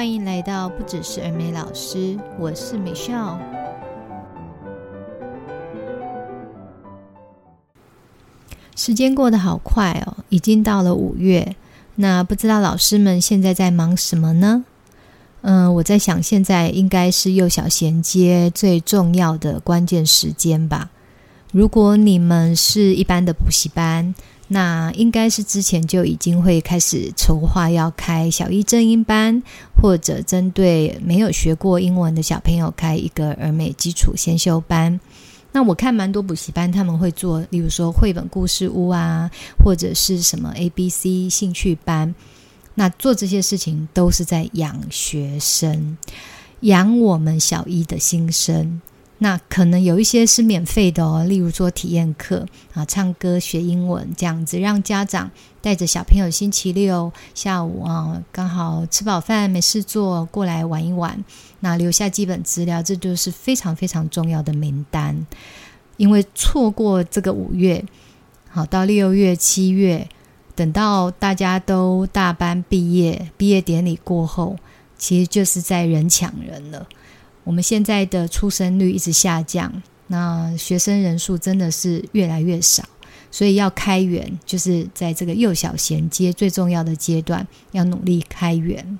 歡迎來到不只是兒美老師，我是 Michelle。時間過得好快哦，已經到了五月，那不知道老師們現在在忙什麼呢？嗯、呃，我在想，現在應該是幼小銜接最重要的關鍵時間吧。如果你們是一般的補習班，那應該是之前就已經會開始籌劃要開小一正音班，或者針對沒有學過英文的小朋友開一個兒美基礎先修班。那我看蠻多補習班，他們會做，例如說繪本故事屋啊，或者是什麼 A B C 興趣班。那做這些事情都是在養學生，養我們小一的新生。那可能有一些是免費的哦，例如說體驗課啊，唱歌、學英文這樣子，讓家長帶着小朋友星期六下午啊，剛好吃飽飯沒事做過來玩一玩。那留下基本資料，這就是非常非常重要的名單。因為錯過這個五月，好到六月、七月，等到大家都大班畢業，畢業典禮過後，其實就是在人搶人了。我們現在的出生率一直下降，那學生人數真的是越來越少，所以要開源，就是在這個幼小銜接最重要的階段，要努力開源。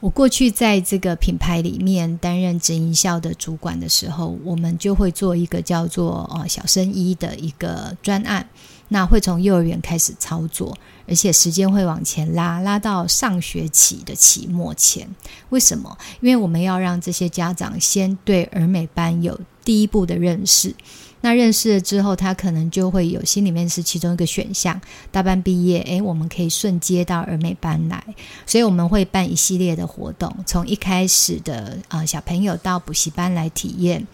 我過去在這個品牌裡面擔任直營校的主管的時候，我們就會做一個叫做“呃小生意”的一個專案。那會從幼兒園開始操作，而且時間會往前拉，拉到上學期的期末前。為什麼？因為我們要讓這些家長先對兒美班有第一步的認識。那認識了之後，他可能就會有心裡面是其中一個選項。大班畢業，誒，我們可以順接到兒美班來。所以我們會辦一系列的活動，從一開始的呃小朋友到補習班來體驗。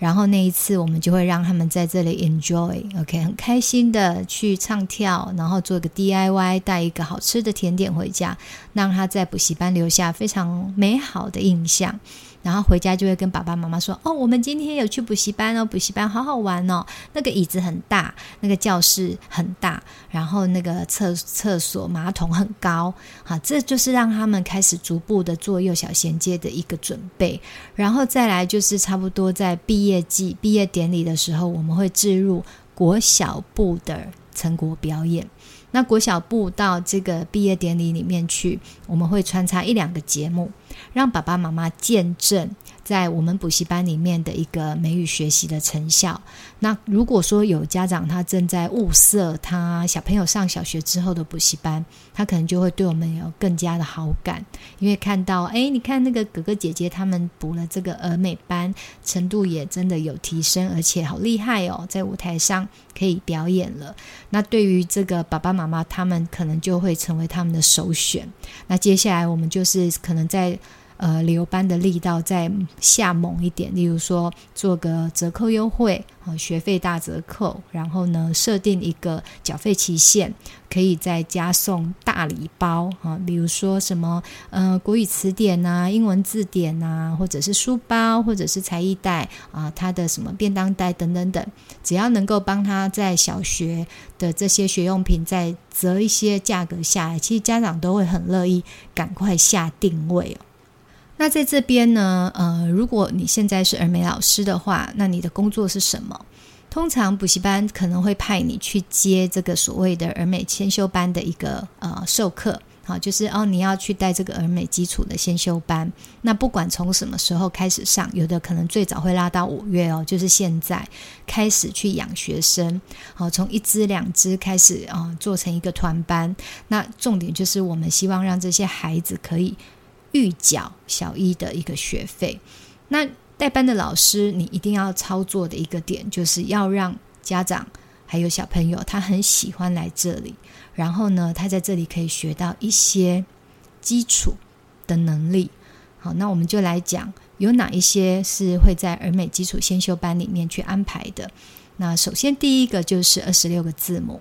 然後那一次，我們就會讓他們在這裡 enjoy，OK，很開心的去唱跳，然後做一個 DIY，帶一個好吃的甜點回家，讓他在補習班留下非常美好的印象。然後回家就會跟爸爸媽媽說：“哦，我們今天有去補習班哦，補習班好好玩哦，那個椅子很大，那個教室很大，然後那個廁廁所馬桶很高，好，這就是讓他們開始逐步的做幼小銜接的一個準備。然後再來就是差不多在畢業季、畢業典禮的時候，我們會置入國小部的成果表演。”那國小部到這個畢業典禮裡面去，我們會穿插一兩個節目，讓爸爸媽媽見證。在我們補習班裡面的一個美語學習的成效。那如果說有家長他正在物色他小朋友上小學之後的補習班，他可能就會對我們有更加的好感，因為看到誒，你看那個哥哥姐姐他們補了這個兒美班，程度也真的有提升，而且好厲害哦，在舞台上可以表演了。那對於這個爸爸媽媽他們，可能就會成為他們的首選。那接下來我們就是可能在。呃，留班的力道再下猛一點，例如說做個折扣優惠啊，學費大折扣，然後呢，設定一個繳費期限，可以再加送大禮包啊，比如說什麼呃國語詞典啊、英文字典啊，或者是書包，或者是才藝袋啊，他的什麼便當袋等等等，只要能夠幫他在小學的這些學用品再折一些價格下來，其實家長都會很樂意趕快下定位哦。那在這邊呢，呃，如果你現在是兒美老師的話，那你的工作是什麼？通常補習班可能會派你去接這個所謂的兒美先修班的一個呃授課，好，就是哦，你要去帶這個兒美基礎的先修班。那不管從什麼時候開始上，有的可能最早會拉到五月哦，就是現在開始去養學生，好，從一隻兩隻開始啊、哦，做成一個團班。那重點就是我們希望讓這些孩子可以。預繳小一的一個學費，那帶班的老師，你一定要操作的一個點，就是要讓家長還有小朋友他很喜歡來這裡，然後呢，他在這裡可以學到一些基礎的能力。好，那我們就來講有哪一些是會在兒美基礎先修班裡面去安排的。那首先第一個就是二十六個字母。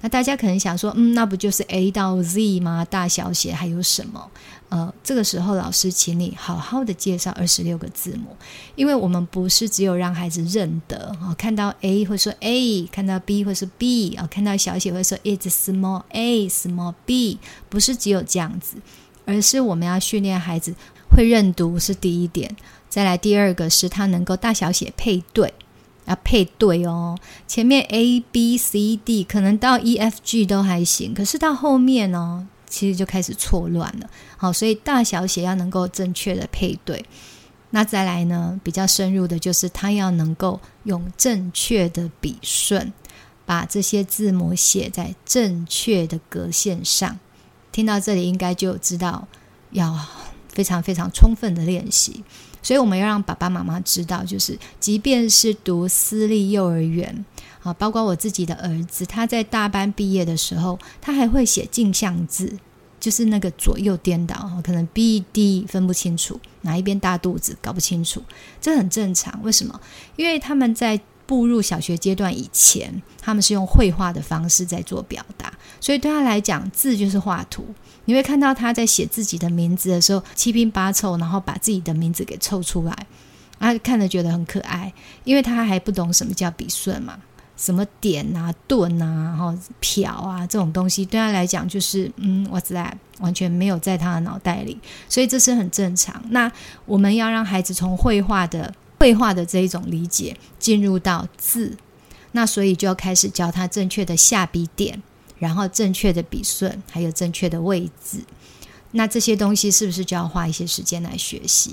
那大家可能想說，嗯，那不就是 A 到 Z 嗎？大小寫還有什麼？呃，這個時候老師請你好好的介紹二十六個字母，因為我們不是只有讓孩子認得啊、哦，看到 A 會說 A，看到 B 會說 B 啊、哦，看到小寫會說 It's small A, small B，不是只有這樣子，而是我們要訓練孩子會認讀是第一點，再來第二個是他能夠大小寫配對。要配對哦，前面 A B C D 可能到 E F G 都還行，可是到後面呢、哦，其實就開始錯亂了。好，所以大小寫要能夠正確的配對。那再來呢，比較深入的就是，他要能夠用正確的筆順把這些字母寫在正確的格線上。聽到這裡，應該就知道要非常非常充分的練習。所以我們要讓爸爸媽媽知道，就是即便是讀私立幼兒園，啊，包括我自己的兒子，他在大班畢業的時候，他還會寫鏡像字，就是那個左右顛倒，可能 B、D 分不清楚，哪一邊大肚子，搞不清楚，這很正常。為什麼？因為他們在。步入小學階段以前，他們是用繪畫的方式在做表達，所以對他來講，字就是畫圖。你會看到他在寫自己的名字的時候，七拼八湊，然後把自己的名字給湊出來，他、啊、看着覺得很可愛，因為他還不懂什麼叫筆順嘛，什麼點啊、頓啊、然後撇啊這種東西，對他來講就是嗯，what's that？完全沒有在他的腦袋裡，所以這是很正常。那我們要讓孩子從繪畫的。繪畫的這一種理解進入到字，那所以就要開始教他正確的下筆點，然後正確的筆順，還有正確的位置。那這些東西是不是就要花一些時間來學習？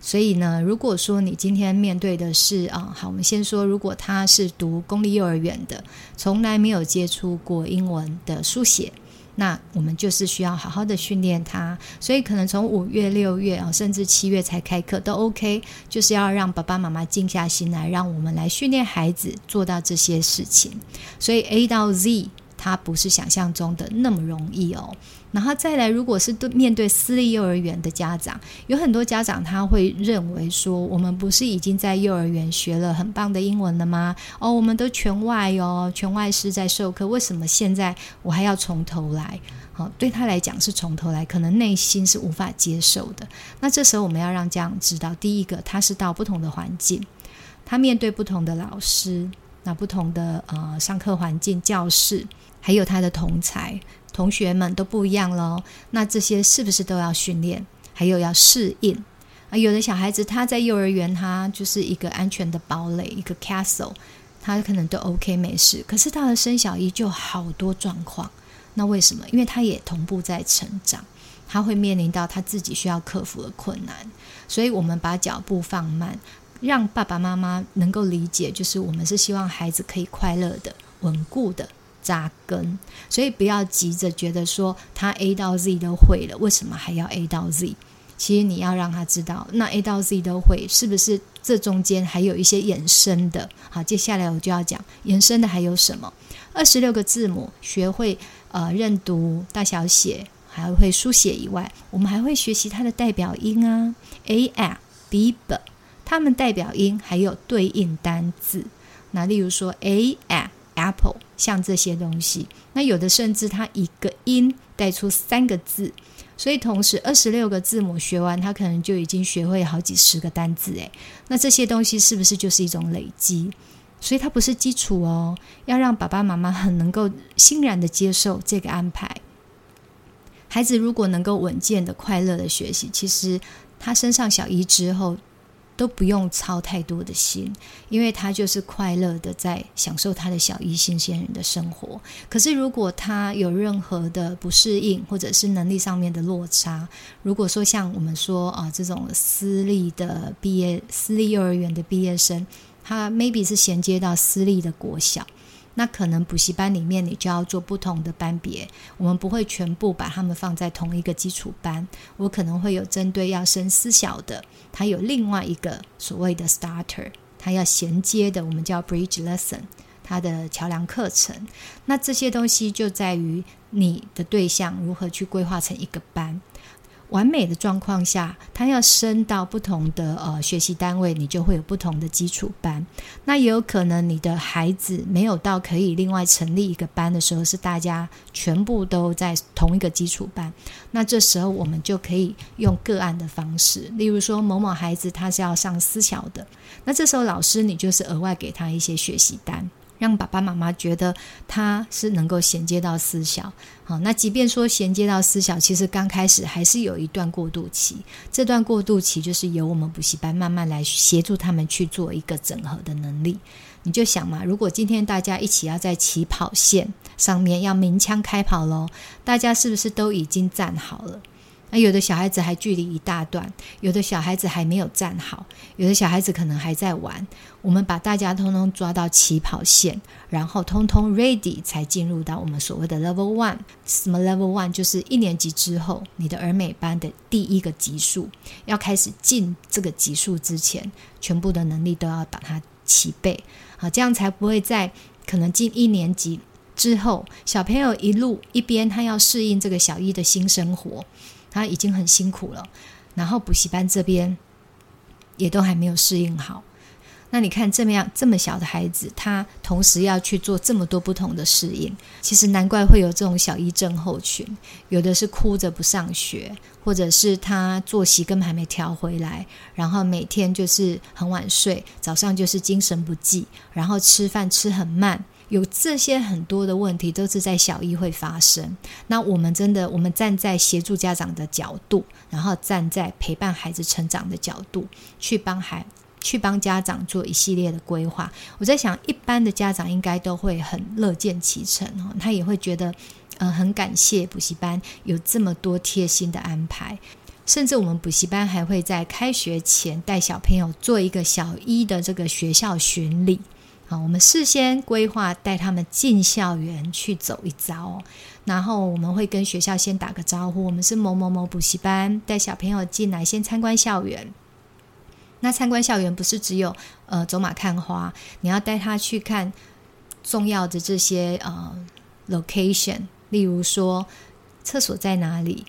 所以呢，如果說你今天面對的是啊、嗯，好，我們先說，如果他是讀公立幼兒園的，從來沒有接觸過英文的書寫。那我們就是需要好好的訓練他，所以可能從五月、六月啊，甚至七月才開課都 OK，就是要讓爸爸媽媽靜下心來，讓我們來訓練孩子做到這些事情，所以 A 到 Z。他不是想象中的那麼容易哦。然後再來，如果是對面對私立幼兒園的家長，有很多家長他會認為說，我們不是已經在幼兒園學了很棒的英文了嗎？哦，我們都全外哦，全外師在授課，為什麼現在我還要從頭來？好，哦，對他來講是從頭來，可能內心是無法接受的。那這時候我們要讓家長知道，第一個，他是到不同的環境，他面對不同的老師。那不同的呃上課環境、教室，還有他的同儕同學們都不一樣嘍。那這些是不是都要訓練？還有要適應？啊，有的小孩子他在幼兒園，他就是一個安全的堡壘，一個 castle，他可能都 OK 沒事。可是到了升小一就好多狀況。那為什麼？因為他也同步在成長，他會面臨到他自己需要克服的困難，所以我們把腳步放慢。讓爸爸媽媽能夠理解，就是我們是希望孩子可以快樂的、穩固的扎根，所以不要急着覺得說他 A 到 Z 都會了，為什麼還要 A 到 Z？其實你要讓他知道，那 A 到 Z 都會是不是這中間還有一些延伸的？好，接下來我就要講延伸的還有什麼？二十六個字母學會呃認讀、大小寫，還會書寫以外，我們還會學習它的代表音啊，A、M、B、B。他們代表音，還有對應單字。那例如說 a, a、apple，像這些東西。那有的甚至它一個音帶出三個字，所以同時二十六個字母學完，他可能就已經學會好幾十個單字。誒，那這些東西是不是就是一種累積？所以它不是基礎哦，要讓爸爸媽媽很能夠欣然的接受這個安排。孩子如果能夠穩健的、快樂的學習，其實他升上小一之後。都不用操太多的心，因為他就是快樂的在享受他的小一新鮮人的生活。可是如果他有任何的不適應，或者是能力上面的落差，如果說像我們說啊，這種私立的畢業，私立幼兒園的畢業生，他 maybe 是銜接到私立的國小。那可能補習班裡面，你就要做不同的班別，我們不會全部把他們放在同一個基礎班。我可能會有針對要升私小的，他有另外一個所謂的 starter，他要銜接的，我們叫 bridge lesson，他的橋樑課程。那這些東西就在於你的對象如何去規劃成一個班。完美的狀況下，他要升到不同的呃學習單位，你就會有不同的基礎班。那也有可能你的孩子沒有到可以另外成立一個班的時候，是大家全部都在同一個基礎班。那這時候我們就可以用個案的方式，例如說某某孩子他是要上私小的，那這時候老師你就是額外給他一些學習單。讓爸爸媽媽覺得他是能夠銜接到私小。好，那即便說銜接到私小，其實剛開始還是有一段過渡期。這段過渡期就是由我們補習班慢慢來協助他們去做一個整合的能力。你就想嘛，如果今天大家一起要在起跑線上面要鳴槍開跑嘍，大家是不是都已經站好了？啊，有的小孩子還距離一大段，有的小孩子還沒有站好，有的小孩子可能還在玩。我們把大家通通抓到起跑線，然後通通 ready 才進入到我們所謂的 level one。什麼 level one，就是一年級之後，你的兒美班的第一個級數。要開始進這個級數之前，全部的能力都要把它齊備。好，這樣才不會在可能進一年級之後，小朋友一路一邊他要適應這個小一的新生活，他已經很辛苦了，然後補習班這邊也都還沒有適應好。那你看這麼樣這麼小的孩子，他同時要去做這麼多不同的適應，其實難怪會有這種小一症候群。有的是哭着不上學，或者是他作息根本還沒調回來，然後每天就是很晚睡，早上就是精神不濟，然後吃飯吃很慢。有這些很多的問題都是在小一會發生。那我們真的，我們站在協助家長的角度，然後站在陪伴孩子成長的角度，去幫孩去幫家長做一系列的規劃。我在想，一般的家長應該都會很樂見其成哦，他也會覺得，嗯、呃，很感謝補習班有這麼多貼心的安排，甚至我們補習班還會在開學前帶小朋友做一個小一的這個學校巡禮。好，我們事先規劃帶他們進校園去走一遭，然後我們會跟學校先打個招呼，我們是某某某補習班，帶小朋友進來先參觀校園。那參觀校園不是只有呃走馬看花，你要帶他去看重要的這些呃 location，例如說廁所在哪裡，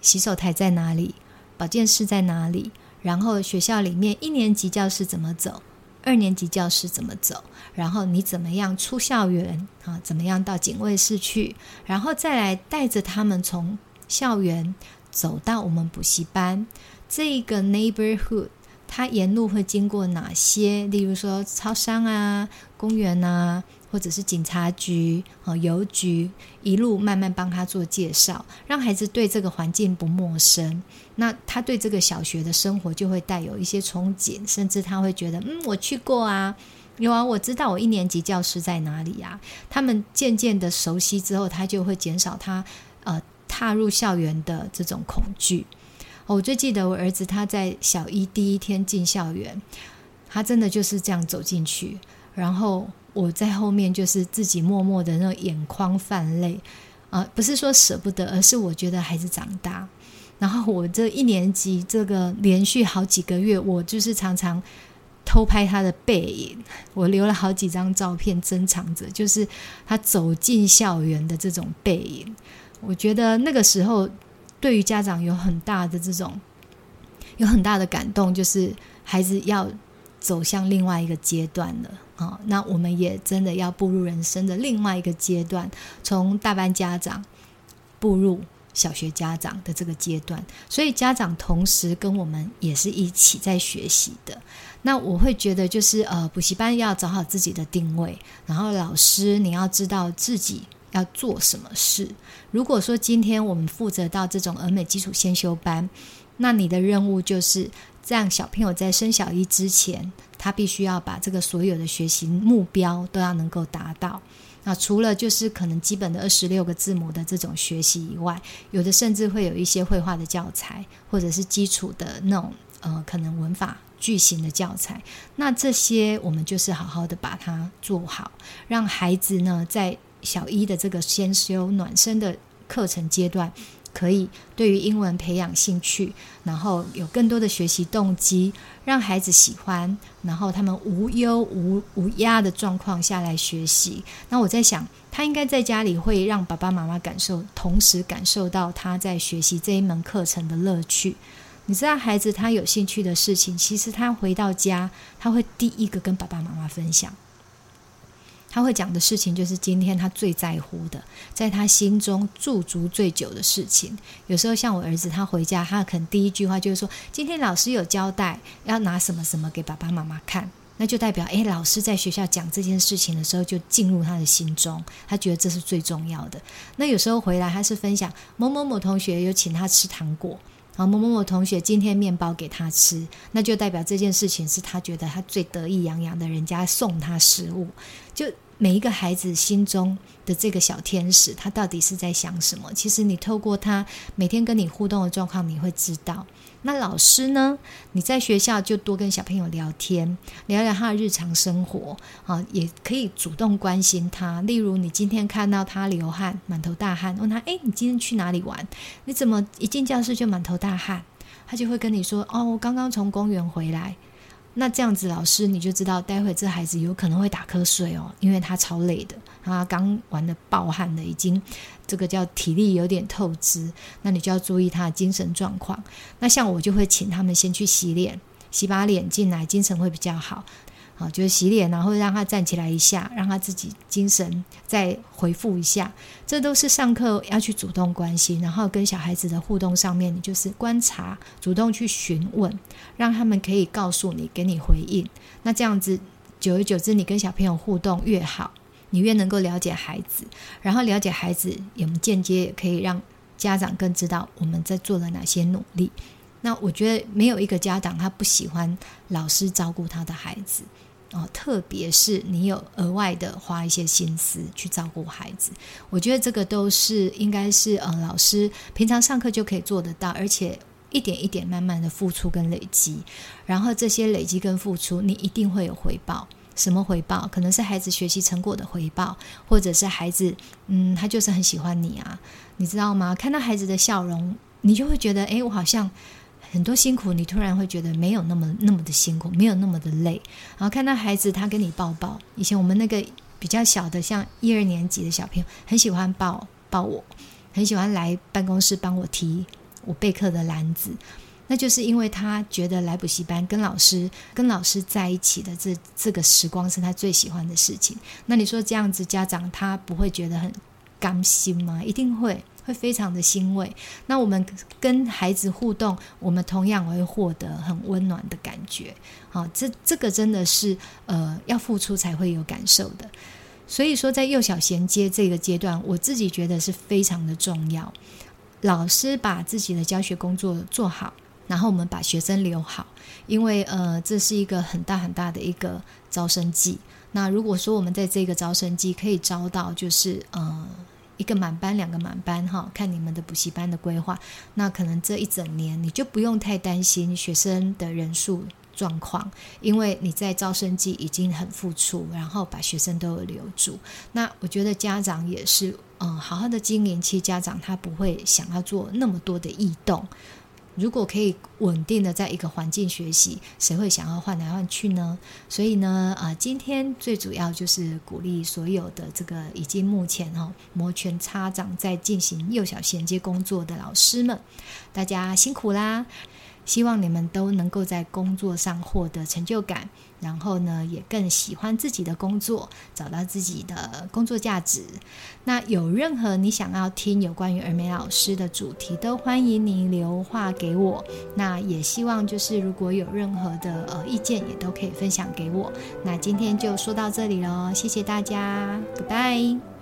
洗手台在哪裡，保健室在哪裡，然後學校裡面一年級教室怎麼走。二年級教室怎麼走？然後你怎麼樣出校園啊？怎麼樣到警衛室去？然後再來帶着他們從校園走到我們補習班這個 neighborhood。他沿路會經過哪些？例如說，超商啊、公園啊，或者是警察局、和郵局，一路慢慢幫他做介紹，讓孩子對這個環境不陌生。那他對這個小學的生活就會帶有一些憧憬，甚至他會覺得，嗯，我去過啊，有啊，我知道我一年級教室在哪裡呀、啊。他們漸漸的熟悉之後，他就會減少他呃踏入校園的這種恐懼。我最記得我兒子他在小一第一天進校園，他真的就是這樣走進去，然後我在後面就是自己默默的那種眼眶泛淚啊，呃，不是說捨不得，而是我覺得孩子長大。然後我這一年級這個連續好幾個月，我就是常常偷拍他的背影，我留了好幾張照片珍藏着，就是他走進校園的這種背影。我覺得那個時候。對於家長有很大的這種，有很大的感動，就是孩子要走向另外一個階段了啊、哦！那我們也真的要步入人生的另外一個階段，從大班家長步入小學家長的這個階段，所以家長同時跟我們也是一起在學習的。那我會覺得，就是呃，補習班要找好自己的定位，然後老師你要知道自己。要做什麼事？如果說今天我們負責到這種兒美基礎先修班，那你的任務就是讓小朋友在升小一之前，他必須要把這個所有的學習目標都要能夠達到。那除了就是可能基本的二十六個字母的這種學習以外，有的甚至會有一些繪畫的教材，或者是基礎的那種呃可能文法句型的教材。那這些我們就是好好的把它做好，讓孩子呢在。小一的這個先修暖身的課程階段，可以對於英文培養興趣，然後有更多的學習動機，讓孩子喜歡，然後他們無憂無無壓的狀況下來學習。那我在想，他應該在家裡會讓爸爸媽媽感受，同時感受到他在學習這一門課程的樂趣。你知道，孩子他有興趣的事情，其實他回到家，他會第一個跟爸爸媽媽分享。他會講的事情，就是今天他最在乎的，在他心中駐足最久的事情。有時候像我兒子，他回家，他可能第一句話就是說：“今天老師有交代，要拿什麼什麼給爸爸媽媽看。”那就代表，誒，老師在學校講這件事情的時候，就進入他的心中，他覺得這是最重要的。那有時候回來，他是分享某某某同學有請他吃糖果，然後某某某同學今天麵包給他吃，那就代表這件事情是他覺得他最得意洋洋的。人家送他食物，就。每一個孩子心中的這個小天使，他到底是在想什麼？其實你透過他每天跟你互動的狀況，你會知道。那老師呢？你在學校就多跟小朋友聊天，聊聊他的日常生活啊，哦，也可以主動關心他。例如，你今天看到他流汗、滿頭大汗，問他：“誒，你今天去哪裡玩？你怎麼一進教室就滿頭大汗？”他就會跟你說：“哦，我剛剛從公園回來。”那這樣子，老師你就知道，待會這孩子有可能會打瞌睡哦，因為他超累的，他剛玩的暴汗的，已經這個叫體力有點透支，那你就要注意他的精神狀況。那像我就會請他們先去洗臉，洗把臉進來，精神會比較好。好，就是洗臉，然後讓他站起來一下，讓他自己精神再恢復一下。這都是上課要去主動關心，然後跟小孩子的互動上面，你就是觀察，主動去詢問，讓他們可以告訴你，給你回應。那這樣子，久而久之，你跟小朋友互動越好，你越能夠了解孩子，然後了解孩子，也我們間接也可以讓家長更知道我們在做了哪些努力。那我覺得沒有一個家長他不喜歡老師照顧他的孩子哦，特別是你有額外的花一些心思去照顧孩子，我覺得這個都是應該是嗯、呃，老師平常上課就可以做得到，而且一點一點慢慢的付出跟累積，然後這些累積跟付出，你一定會有回報。什麼回報？可能是孩子學習成果的回報，或者是孩子嗯，他就是很喜歡你啊，你知道嗎？看到孩子的笑容，你就會覺得誒，我好像。很多辛苦，你突然會覺得沒有那麼那麼的辛苦，沒有那麼的累。然後看到孩子他跟你抱抱，以前我們那個比較小的，像一二年級的小朋友，很喜歡抱抱我，很喜歡來辦公室幫我提我備課的籃子。那就是因為他覺得來補習班跟老師跟老師在一起的這這個時光是他最喜歡的事情。那你說這樣子，家長他不會覺得很甘心嗎？一定會。會非常的欣慰。那我們跟孩子互動，我們同樣會獲得很溫暖的感覺。好、哦，這這個真的是呃要付出才會有感受的。所以說，在幼小銜接這個階段，我自己覺得是非常的重要。老師把自己的教學工作做好，然後我們把學生留好，因為呃這是一個很大很大的一個招生季。那如果說我們在這個招生季可以招到，就是呃。一個滿班，兩個滿班，哈，看你們的補習班的規劃。那可能這一整年你就不用太擔心學生的人數狀況，因為你在招生季已經很付出，然後把學生都留住。那我覺得家長也是，嗯，好好的經營，其實，家長他不會想要做那麼多的異動。如果可以穩定的在一個環境學習，誰會想要換來換去呢？所以呢，啊、呃，今天最主要就是鼓勵所有的這個已經目前哈、哦、摩拳擦掌在進行幼小銜接工作的老師們，大家辛苦啦！希望你們都能夠在工作上獲得成就感，然後呢，也更喜歡自己的工作，找到自己的工作價值。那有任何你想要聽有關於兒美老師的主題，都歡迎你留話給我。那也希望就是如果有任何的呃意見，也都可以分享給我。那今天就說到這裡嘍，謝謝大家，拜拜。